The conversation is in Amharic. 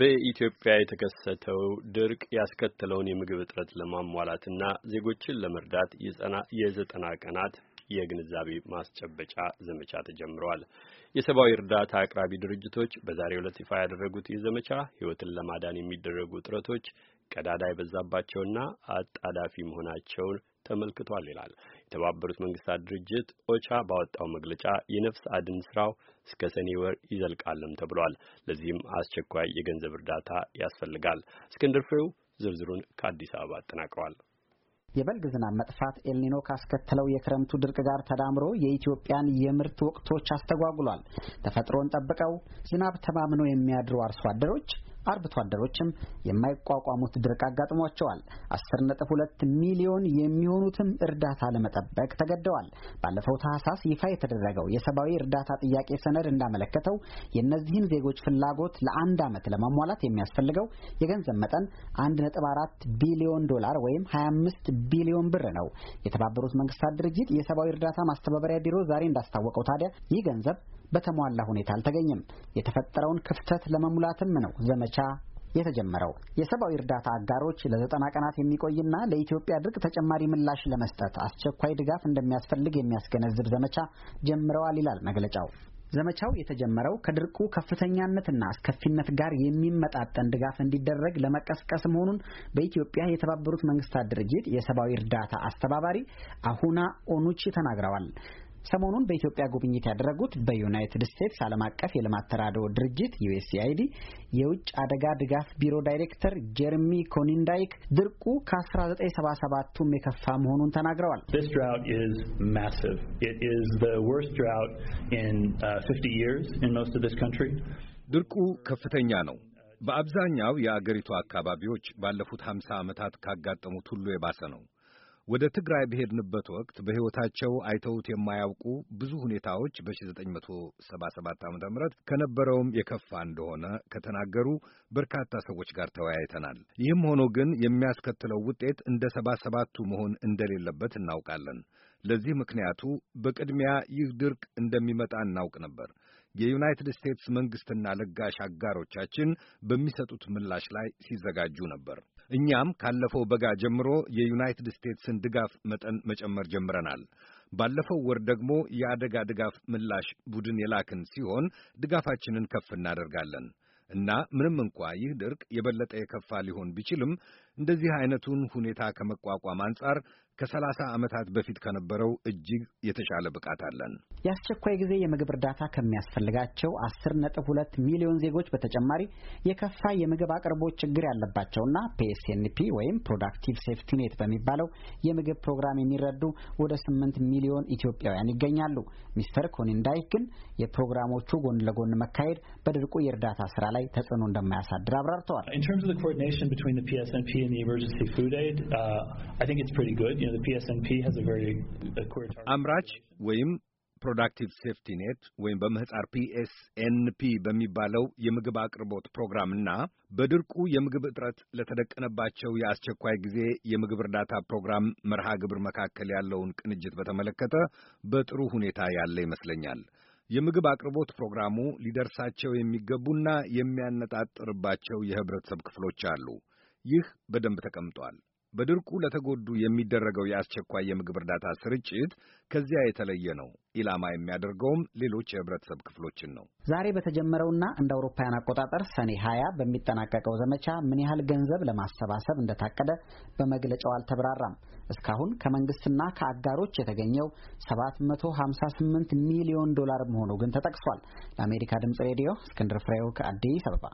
በኢትዮጵያ የተከሰተው ድርቅ ያስከተለውን የምግብ እጥረት ለማሟላትና ዜጎችን ለመርዳት የዘጠና ቀናት የግንዛቤ ማስጨበጫ ዘመቻ ተጀምረዋል። የሰብአዊ እርዳታ አቅራቢ ድርጅቶች በዛሬው ዕለት ይፋ ያደረጉት ይህ ዘመቻ ሕይወትን ለማዳን የሚደረጉ ጥረቶች ቀዳዳ የበዛባቸውና አጣዳፊ መሆናቸውን ተመልክቷል ይላል። የተባበሩት መንግስታት ድርጅት ኦቻ ባወጣው መግለጫ የነፍስ አድን ስራው እስከ ሰኔ ወር ይዘልቃለም ተብሏል። ለዚህም አስቸኳይ የገንዘብ እርዳታ ያስፈልጋል። እስክንድር ፍሬው ዝርዝሩን ከአዲስ አበባ አጠናቅሯል። የበልግ ዝናብ መጥፋት ኤልኒኖ ካስከተለው የክረምቱ ድርቅ ጋር ተዳምሮ የኢትዮጵያን የምርት ወቅቶች አስተጓጉሏል። ተፈጥሮን ጠብቀው ዝናብ ተማምነው የሚያድሩ አርሶ አደሮች አርብቶ አደሮችም የማይቋቋሙት ድርቅ አጋጥሟቸዋል። 10.2 ሚሊዮን የሚሆኑትም እርዳታ ለመጠበቅ ተገደዋል። ባለፈው ታህሳስ ይፋ የተደረገው የሰብአዊ እርዳታ ጥያቄ ሰነድ እንዳመለከተው የእነዚህን ዜጎች ፍላጎት ለአንድ ዓመት ለማሟላት የሚያስፈልገው የገንዘብ መጠን 1.4 ቢሊዮን ዶላር ወይም 25 ቢሊዮን ብር ነው። የተባበሩት መንግስታት ድርጅት የሰብአዊ እርዳታ ማስተባበሪያ ቢሮ ዛሬ እንዳስታወቀው ታዲያ ይህ ገንዘብ በተሟላ ሁኔታ አልተገኘም። የተፈጠረውን ክፍተት ለመሙላትም ነው ዘመቻ የተጀመረው የሰብአዊ እርዳታ አጋሮች ለዘጠና ቀናት የሚቆይና ለኢትዮጵያ ድርቅ ተጨማሪ ምላሽ ለመስጠት አስቸኳይ ድጋፍ እንደሚያስፈልግ የሚያስገነዝብ ዘመቻ ጀምረዋል ይላል መግለጫው። ዘመቻው የተጀመረው ከድርቁ ከፍተኛነትና አስከፊነት ጋር የሚመጣጠን ድጋፍ እንዲደረግ ለመቀስቀስ መሆኑን በኢትዮጵያ የተባበሩት መንግስታት ድርጅት የሰብአዊ እርዳታ አስተባባሪ አሁና ኦኑቺ ተናግረዋል። ሰሞኑን በኢትዮጵያ ጉብኝት ያደረጉት በዩናይትድ ስቴትስ ዓለም አቀፍ የልማት ተራድኦ ድርጅት ዩኤስአይዲ የውጭ አደጋ ድጋፍ ቢሮ ዳይሬክተር ጀርሚ ኮኒንዳይክ ድርቁ ከ1977ቱም የከፋ መሆኑን ተናግረዋል። uh, ድርቁ ከፍተኛ ነው። በአብዛኛው የአገሪቱ አካባቢዎች ባለፉት 50 ዓመታት ካጋጠሙት ሁሉ የባሰ ነው። ወደ ትግራይ በሄድንበት ወቅት በሕይወታቸው አይተውት የማያውቁ ብዙ ሁኔታዎች በ1977 ዓ ም ከነበረውም የከፋ እንደሆነ ከተናገሩ በርካታ ሰዎች ጋር ተወያይተናል። ይህም ሆኖ ግን የሚያስከትለው ውጤት እንደ ሰባ ሰባቱ መሆን እንደሌለበት እናውቃለን። ለዚህ ምክንያቱ በቅድሚያ ይህ ድርቅ እንደሚመጣ እናውቅ ነበር። የዩናይትድ ስቴትስ መንግሥትና ለጋሽ አጋሮቻችን በሚሰጡት ምላሽ ላይ ሲዘጋጁ ነበር። እኛም ካለፈው በጋ ጀምሮ የዩናይትድ ስቴትስን ድጋፍ መጠን መጨመር ጀምረናል። ባለፈው ወር ደግሞ የአደጋ ድጋፍ ምላሽ ቡድን የላክን ሲሆን ድጋፋችንን ከፍ እናደርጋለን እና ምንም እንኳ ይህ ድርቅ የበለጠ የከፋ ሊሆን ቢችልም እንደዚህ አይነቱን ሁኔታ ከመቋቋም አንጻር ከሰላሳ ዓመታት በፊት ከነበረው እጅግ የተሻለ ብቃት አለን። የአስቸኳይ ጊዜ የምግብ እርዳታ ከሚያስፈልጋቸው አስር ነጥብ ሁለት ሚሊዮን ዜጎች በተጨማሪ የከፋ የምግብ አቅርቦት ችግር ያለባቸውና ፒኤስኤንፒ ወይም ፕሮዳክቲቭ ሴፍቲ ኔት በሚባለው የምግብ ፕሮግራም የሚረዱ ወደ ስምንት ሚሊዮን ኢትዮጵያውያን ይገኛሉ። ሚስተር ኮኒንዳይክ ግን የፕሮግራሞቹ ጎን ለጎን መካሄድ በድርቁ የእርዳታ ስራ ላይ ተጽዕኖ እንደማያሳድር አብራርተዋል። አምራች ወይም ፕሮዳክቲቭ ሴፍቲ ኔት ወይም በምህፃር ፒኤስኤንፒ በሚባለው የምግብ አቅርቦት ፕሮግራምና በድርቁ የምግብ እጥረት ለተደቀነባቸው የአስቸኳይ ጊዜ የምግብ እርዳታ ፕሮግራም መርሃ ግብር መካከል ያለውን ቅንጅት በተመለከተ በጥሩ ሁኔታ ያለ ይመስለኛል። የምግብ አቅርቦት ፕሮግራሙ ሊደርሳቸው የሚገቡና የሚያነጣጥርባቸው የህብረተሰብ ክፍሎች አሉ። ይህ በደንብ ተቀምጧል። በድርቁ ለተጎዱ የሚደረገው የአስቸኳይ የምግብ እርዳታ ስርጭት ከዚያ የተለየ ነው። ኢላማ የሚያደርገውም ሌሎች የህብረተሰብ ክፍሎችን ነው። ዛሬ በተጀመረውና እንደ አውሮፓውያን አቆጣጠር ሰኔ ሀያ በሚጠናቀቀው ዘመቻ ምን ያህል ገንዘብ ለማሰባሰብ እንደታቀደ በመግለጫው አልተብራራም። እስካሁን ከመንግስትና ከአጋሮች የተገኘው 758 ሚሊዮን ዶላር መሆኑ ግን ተጠቅሷል። ለአሜሪካ ድምጽ ሬዲዮ እስክንድር ፍሬው ከአዲስ አበባ